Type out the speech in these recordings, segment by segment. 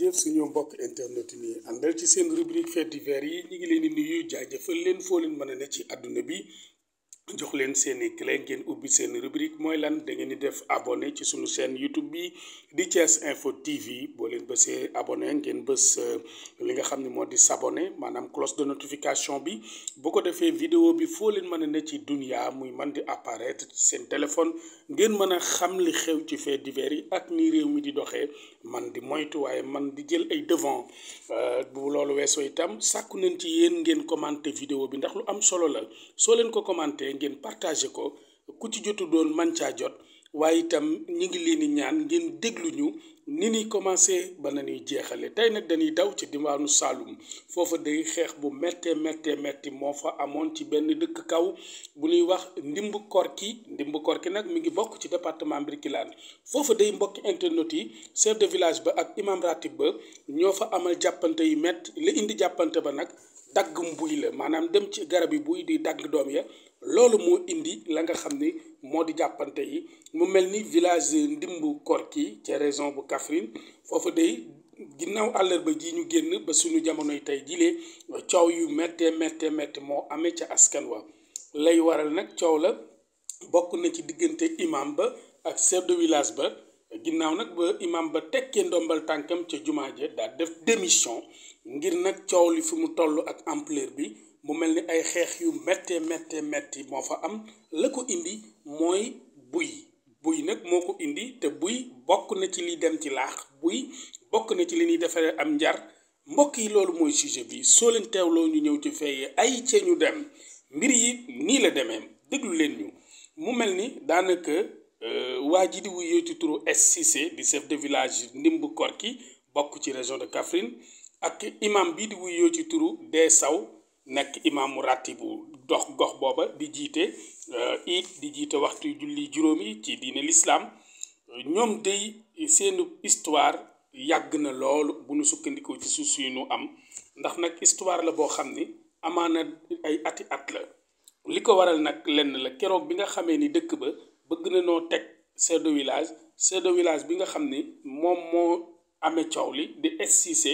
jëf suñu mbokk internet yi nii àndal ci seen rubrique fait divers yi ñu ngi leen ni nuyu jaajëfal leen foo leen mën a ne ci àdduna bi jox leen seen i clé ngeen ubbi seen rubrique mooy lan da ngeen di def abonné ci suñu seen YouTube bi di Thiès Info TV boo leen bësee abonné ngeen bës euh, li nga xam ne moo di s'abonné maanaam cloche de notification bi bu ko defee vidéo bi foo leen mën a ne ci dunia muy man di apparaître seen téléphone ngeen mën a xam li xew ci fait divers yi ak ni réew mi di doxee man di moytu waaye man di jël ay devant euh, bu loolu weesoo itam sàkku nañ ci yéen ngeen commenté vidéo bi ndax lu am solo la soo leen ko commenté ngeen partagé ko ku ci jotu doon man caa jot waaye itam ñi ngi leen di ñaan ngeen déglu ñu ni ñuy commencé ba nañuy jeexale tey nag dañuy daw ci diwaanu Saloum foofa day xeex bu méttee méttee métti moo fa amoon ci benn dëkk kaw bu ñuy wax ndimb korki ndimb korki nag mi ngi bokk ci département Birkilane foofa day mbokki internet yi de village ba ak imam ba ñoo fa amal jàppante yu métti la indi jàppante ba nag dagg mbuy la maanaam dem ci garab yi buy di dagg doom ya loolu moo indi la nga xam ni moo di jàppante yi mu mel ni village ndimbu Korki ca région bu Kaffrine foofa day ginnaaw àllarba ji ñu génn ba suñu jamonoy tey jilee coow yu méttee méttee méttee moo amee ca askan wa lay waral nag coow la bokk na ci diggante imam ba ak chef de village ba ginnaaw nag ba imam ba tekkee ndombal tànkam ca jumaa ja daal def démission ngir nag coow li fi mu toll ak ampleur bi mu mel ni ay xeex yu méttee méttee métti moo fa am la ko indi mooy buy buy nag moo ko indi te buy bokk na ci li dem ci laax buy bokk na ci li ñuy defaree am njar mbokk yi loolu mooy sujet bi soo leen teewloo ñu ñëw ci feeyee ay cee ñu dem mbir yi nii la demee déglu leen ñu mu mel ni daanaka euh, waa ji di wuyoo ci turu SCC di chef de village ndimb Korki bokk ci région de Kaffrine ak imam bi di wuyoo ci turu Dee Saw nekk imaamu bu dox gox booba di jiite euh, it di jiite waxtu julli juróom yi ci diine lislaam ñoom day seenu histoire yàgg na loolu bu ñu sukkandikoo ci suuf si ñu am ndax nag histoire la boo xam ni amaana ay ati at la li ko waral nag lenn la keroog bi nga xamee ni dëkk ba bëgg na noo teg chef willage village chef bi nga xam ni moom moo amee coow li di SCC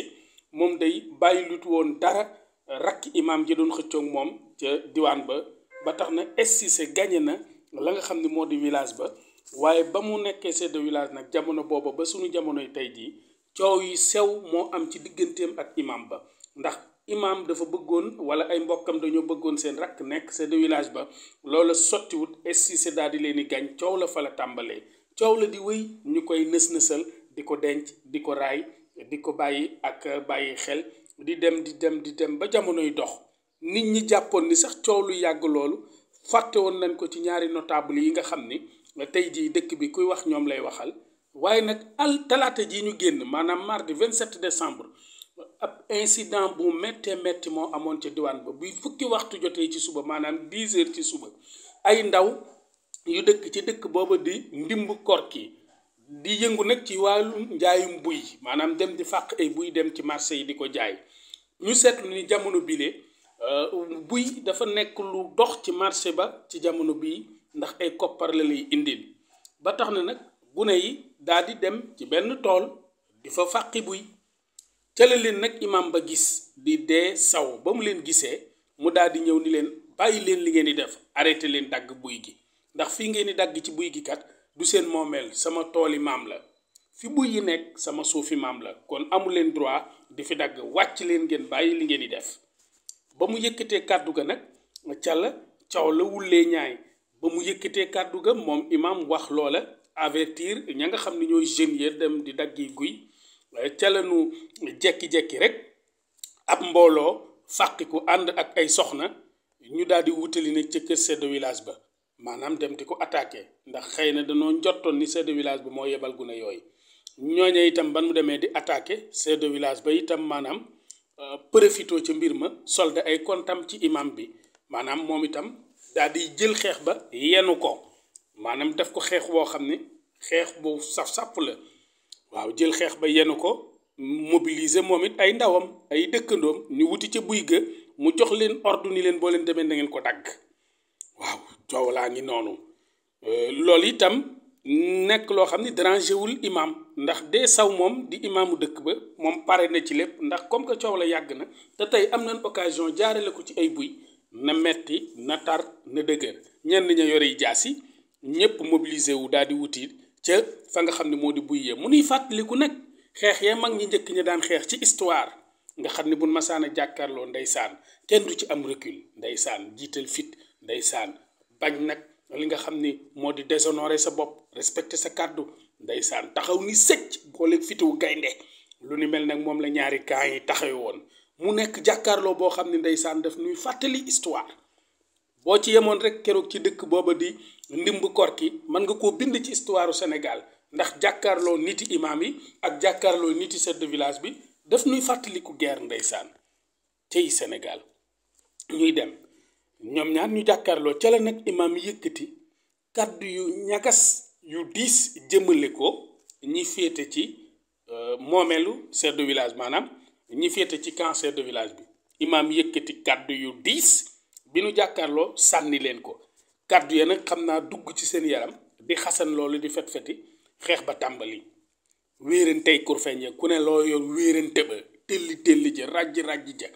moom day bàyyi lut woon dara rakk imaam ji doon xëccoog moom ca diwaan ba ba tax na SCC gagné na la nga xam ne moo di village ba waaye ba mu nekkee chef de village nag jamono booba ba suñu jamonoy tey jii coow yi sew moo am ci digganteem ak imaam ba ndax imaam dafa bëggoon wala ay mbokkam dañoo bëggoon seen rakk nekk chef de village ba loola sottiwut SCC daal di leen di gañ coow la fa la tàmbalee coow la di wéy ñu koy nës-nësal di ko denc di ko raay di ko bàyyi ak bàyyi xel di dem di dem di dem ba jamonoy dox nit ñi jàppoon ni sax coow lu yàgg loolu fàtte woon lañ ko ci ñaari notable yi nga xam ni tey jii dëkk bi kuy wax ñoom lay waxal waaye nag al talaata jii ñu génn maanaam mardi 27 décembre ab incident bu méttee métti moo amoon ca diwaan ba buy fukki waxtu jotee ci suba maanaam 10 heures ci suba ay ndaw yu dëkk ci dëkk booba di ndimb korki di yëngu nag ci wàllum njaayum buy maanaam dem di fàq ay buy dem ci marché yi di ko jaay ñu seetlu ni jamono bile euh, buy dafa nekk lu dox ci marché ba ci jamono bii ndax ay koppar la lay indil ba tax na nag gune yi daal di dem ci benn tool di fa fàqi buy cële leen nag imaam ba gis di dee saw ba mu leen gisee mu daal di ñëw ni leen bàyyi leen li ngeen di def arrêté leen dagg buy gi ndax fii ngeen di dagg ci buy gi kat du seen moomeel sama tooli maam la fi buy yi nekk sama suufi maam la kon amu leen droit di fi dagg wàcc leen ngeen bàyyi li ngeen di def ba mu yëkkatee kàddu ga nag cala caw la wullee ñaay ba mu yëkkatee kàddu ga moom imaam wax loola avertir ña nga xam ne ñooy jeunes ya dem di daggi guy eh, cala nu jekki-jekki rek ab mbooloo fàqiku ànd ak ay soxna ñu daal di wutali nag ca kër chef de ba maanaam dem di ko attaqué ndax xëy na danoo njottoon ni chef de village bi moo yebal gune yooyu ñooñe itam ban mu demee di attaqué chef de village ba itam maanaam euh, profitoo ca mbir ma solde ay kontam ci imam bi maanaam moom itam daal di jël xeex ba yenu ko maanaam def ko xeex boo xam ne xeex bu saf-sàpp la waaw jël xeex ba yenu ko mobiliser moom it ay ndawam ay dëkkandoom ñu wuti ca buy ga mu jox leen ordre ni leen boo leen demee na ngeen ko dagg waaw coow laa ngi noonu euh, loolu itam nekk loo xam ne dérangé wul imaam ndax dee saw moom di imaamu dëkk ba moom pare na ci lépp ndax comme que coow la yàgg na te tey am nañ occasion jaarale ko ci ay buy na metti na tar na dëgër ñenn ña yore yi jaasi ñëpp mobilisé wu daal di wuti ca fa nga xam ne moo di buy yee mu nuy fàttaliku nag xeex yee mag ñi njëkk ñi daan xeex ci histoire nga xam ne buñ masaana jàkkaarloo ndeysaan kenn du ci am recul ndeysaan jiital fit ndeysaan bañ nag li nga xam ni moo di déshonorer sa bopp respecter sa kàddu ndeysaan taxaw ni sëcc boole fitiwu gaynde lu ni mel nag moom la ñaari camp yi taxawe woon mu nekk jàkkaarloo boo xam ne ndeysaan daf nuy fàttali histoire boo ci yemoon rek keroog ci dëkk booba di ndimb kor ki mën nga koo bind ci histoire Sénégal ndax jàkkaarloo niti imaam yi ak jàkkaarloo niti chef de village bi daf nuy fàttaliku guerre ndeysaan tey Sénégal ñuy dem ñoom ñaar ñu jàkkaarloo ca la nag imaam yëkkati kaddu yu ñagas yu diis jëmale ko ñi féete ci euh, moomeelu chef village maanaam ñi féete ci camp chef de village bi imaam yëkkati kàddu yu diis bi ñu jàkkaarloo sànni leen ko kàddu ya nag xam naa dugg ci seen yaram di xasan loolu di fet-feti xeex ba tàmbali wéerantey kurfeñ ya ku ne loo yor wéerante ba telli telli ja ràjj ràjj ja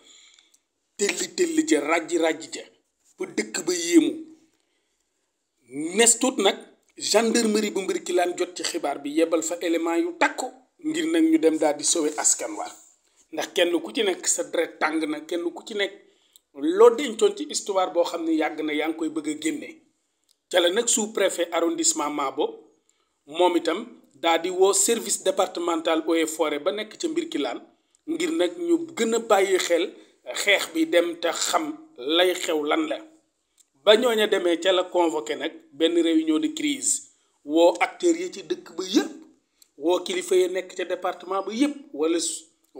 telli telli ja ràjj ràjj ja bu dëkk ba yéemu nes nag gendarmerie bu mbir ki jot ci xibaar bi yebal fa élément yu takku ngir nag ñu dem daal di sauver askan wa ndax kenn ku ci nekk sa dret tàng na kenn ku ci nekk loo dencoon ci histoire boo xam ne yàgg na yaa ngi koy bëgg a génne ca la nag sous préfet arrondissement Mabo moom itam daa di woo service départemental eaux et ba nekk ca mbir ki ngir nag ñu gën a bàyyi xel xeex bi dem te xam lay xew lan la ba ñooña demee ca la convoqué nag benn réunion de crise woo acteur yi ci dëkk ba yëpp woo kilifa yi nekk ca département ba yëpp walla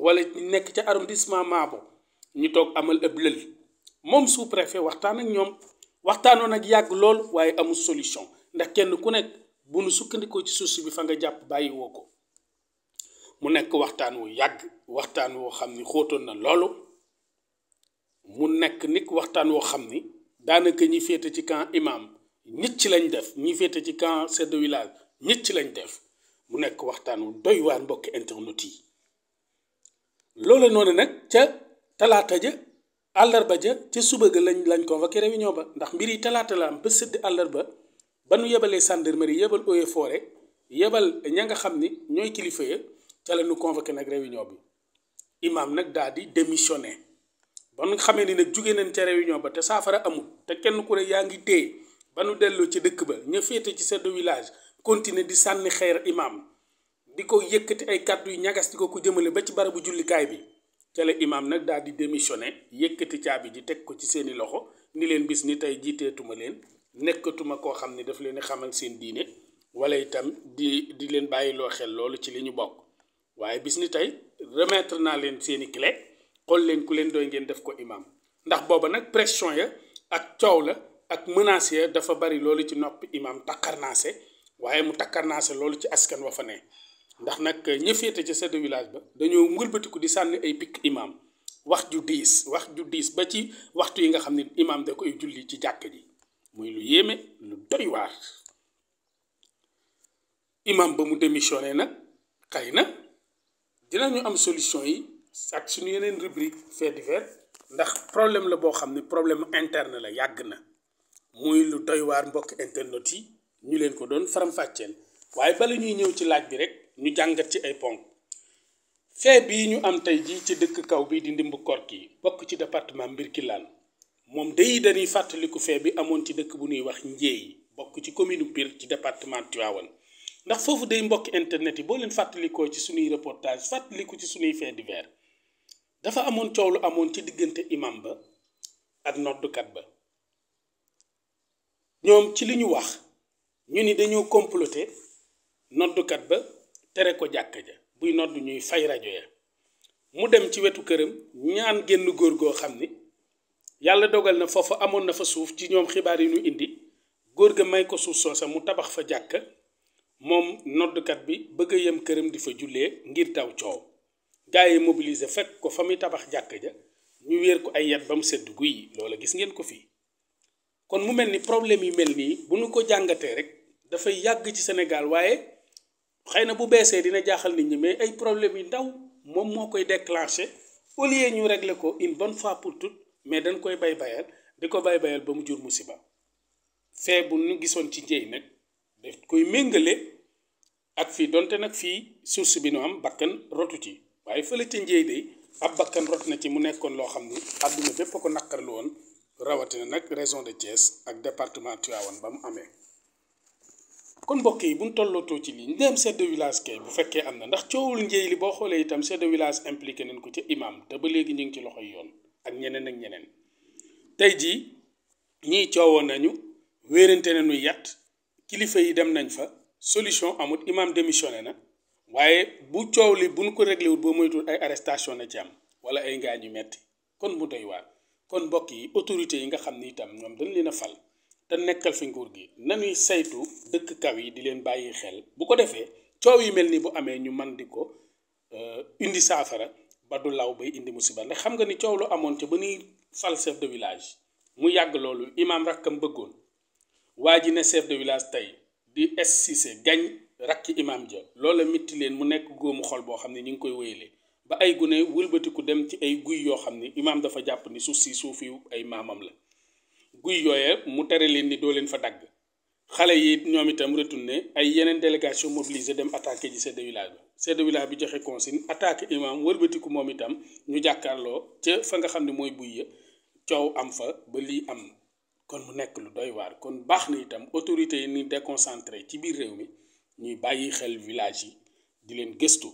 wala wala nekk ca arrondissement Maabo ñu toog amal ëpp lël moom sous préfet waxtaan ak ñoom waxtaanoon nag yàgg lool waaye amul solution ndax kenn ku nekk bu nu sukkandikoo ci source bi fa nga jàpp bàyyi woo ko mu nekk waxtaan wu yàgg waxtaan woo xam ni xóotoon na loolu mu nekk nit waxtaan woo xam ni. daanaka ñi féete ci camp imam nit ci lañ def ñi féete ci camp chef de village ci lañ def mu nekk waxtaan wu doy mbokk internet yi loole noonu nag ca talaata ja àllarba ja ca suba ga lañ lañ convoqué réunion ba ndax mbir yi talaata la am ba sëdd àllarba ba nu yebalee gendarmerie yebal eaux yebal ña nga xam ni ñooy kilifa ya ca la ñu nag réunion bi imam nag daal di démissionné. ba nga xamee ni nag jóge nañ ca réunion ba te saafara amul te kenn ku ne yaa ngi téye ba nu delloo ci dëkk ba ña féete ci sedd village continuer di sànni xeer imaam di ko yëkkati ay kàddu yu ñagas di ko ko jëmale ba ci barabu jullikaay bi ca imaam nag daal di démissionné yëkkati caabi ji teg ko ci seeni loxo ni leen bis ni tey jiiteetuma leen nekkatuma koo xam ne daf leen di xamal seen diine wala itam di di leen bàyyiloo xel loolu ci li ñu bokk waaye bis tey remettre naa leen seeni clé xool leen ku leen doy ngeen def ko imaam ndax booba nag pression ya ak coow la ak menace ya dafa bari loolu ci noppi imaam takkarnaase waaye mu takkarnaase loolu ci askan wa fa ne ndax nag ñi féete ca chef de village ba dañoo ngëlbatiku di sànni ay pikk imaam wax ju diis wax ju diis ba ci waxtu yi nga xam ne imaam da koy julli ci jàkk ji muy lu yéeme lu doy waar imaam ba mu demisione nag xëy na dinañu am solution yi ak suñu yeneen rubrique fait divers ndax problème la boo xam ne problème interne la yàgg na muy lu doy mbokk internet yi ñu leen ko doon faram-fàcceel waaye bala ñuy ñëw ci laaj bi rek ñu jàngat ci ay ponk fait bii ñu am tey jii ci dëkk kaw bi di ndimb Korki bokk ci département Mbirkilaan moom day dañuy fàttaliku fait bi amoon ci dëkk bu ñuy wax Njéey bokk ci commune Pire ci département Tivaouane ndax foofu day mbokk internet yi boo leen fàttalikoo ci suñuy reportage fàttaliku ci suñuy fait divers dafa amoon coow lu amoon ci diggante imam ba ak noddukat ba ñoom ci li ñu wax ñu ni dañoo comploter noddukat ba tere ko jàkk ja buy nodd ñuy fay rajo ya mu dem ci wetu këram ñaan génn góor goo xam ni yàlla dogal na foofa amoon na fa suuf ci ñoom xibaar yi ñu indi góor ga may ko suuf soo soosa mu tabax fa jàkk moom noddukat bi bëgg yem këram di fa jullee ngir daw coow gars yi mobilisé fekk ko fa muy tabax jàkk ja ñu wéer ko ay yat ba mu sedd guy yi loola gis ngeen ko fii kon mu mel ni problème yi mel nii bu nu ko jàngatee rek dafay yàgg ci Sénégal waaye xëy na bu beesee dina jaaxal nit ñi mais ay problème yi ndaw moom moo koy déclenché au lieu ñu régler ko une bonne fois pour toutes mais dañ koy bay bayal di ko bay bayal ba mu jur musiba fee bu nu gisoon ci njëy nag daf koy méngale ak fii donte nag fii source bi nu am bakkan rotu ci waaye fële ca njéy day ab bakkan rot na ci mu nekkoon loo xam ni àdduna bépp ko naqarlu woon rawatina nag région de Thiès ak département Tivaouane ba mu amee kon mbokk yi bu ñu tollootoo ci lii ndéem chef de kay bu fekkee am na ndax coowul njéy li boo xoolee itam chef de village impliqué nañ ko ca imam te ba léegi ñu ngi ci loxo yoon ak ñeneen ak ñeneen tey jii ñii coowoo nañu wéerante nañu yat kilifa yi dem nañ fa solution amut imam démissionné na waaye bu coow li buñ ko réglé boo moytuwul ay arrestation na ci am wala ay ngaañ yu metti kon mu doy waar kon mbokk yi autorité yi nga xam ni itam ñoom dañ leen a fal te nekkal fi nguur gi nañuy saytu dëkk kaw yi di leen bàyyi xel bu ko defee coow yi mel ni bu amee ñu man di ko euh, indi saafara ba du law bay indi musiba ndax xam nga ni coow lu amoon ca ba nuy fal chef de village mu yàgg loolu imaam am bëggoon waa ji ne chef de village tey di SCC gañ rakki imaam ja loola mitti leen mu nekk góomu xol boo xam ne ñu ngi koy wéyale ba ay gune wëlbatiku dem ci ay guy yoo xam ne imaam dafa jàpp ni suuf si suufi ay maamam la guy yooya mu tere leen ni doo leen fa dagg xale yi ñoom itam ne ay yeneen délégation mobilisée dem attaqué ji chef de village bi chef de village bi joxe consigne attaqué imaam wëlbatiku moom itam ñu jàkkaarloo ca fa nga xam ne mooy buy ya coow am fa ba lii am kon mu nekk lu doy waar kon baax na itam autorité yi ni déconcentré ci biir réew mi ñuy bàyyi xel village yi di leen gëstu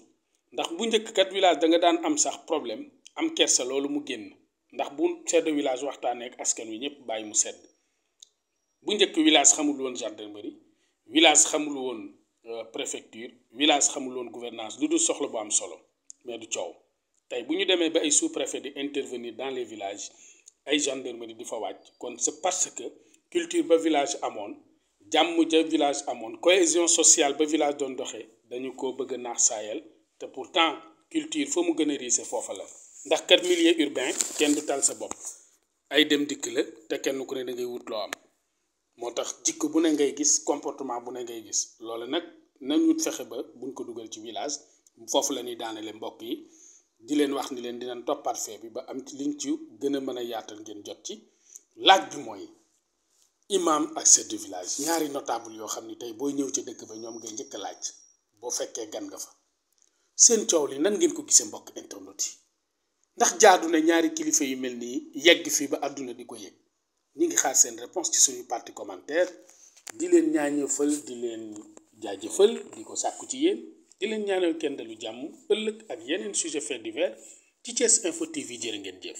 ndax bu njëkk kat village da nga daan am sax problème am kers loolu mu génn ndax bu chef de village waxtaanee askan wi ñëpp bàyyi mu sedd bu njëkk village xamul woon gendarmerie village xamul woon euh, préfecture village xamul woon gouvernance lu dul soxla bu am solo mais du coow tey bu ñu demee ba ay sous préfet di intervenir dans les villages ay gendarmerie di fa wàcc kon c'est parce que culture ba village amoon jàmm ja village amoon cohésion sociale ba village doon doxee dañu ko bëgg a naax saayal te pourtant culture fa mu gën a riise foofa la ndax kat milieu urbain kenn du tal sa bopp ay dem dikk la te kenn ku ne da ngay wut loo am moo tax jikko bu ne ngay gis comportement bu ne ngay gis loolu nag nañu fexe ba buñ ko dugal ci village foofu la ñuy daanele mbokk yi di leen wax ni leen dinañ toppaat fee bi ba am ci liñ ci gën a mën a yaatal ngeen jot ci laaj bi mooy imam ak chef village ñaari notable yoo xam ni tey booy ñëw ci dëkk ba ñoom ngay jëkk laaj boo fekkee gan nga fa seen coow li nan ngeen ko gisee mbokk internet ndax jaadu na ñaari kilifa yu mel nii yegg fii ba àdduna di ko yëg ñi ngi xaar seen réponse ci suñu partie commentaire di leen ñaañëfal di leen jaajëfal di ko sàkku ci yéen di leen ñaanal kenn dalu jàmm ëllëg ak yeneen sujet fait divers ci Thiès Info TV jërë ngeen jëf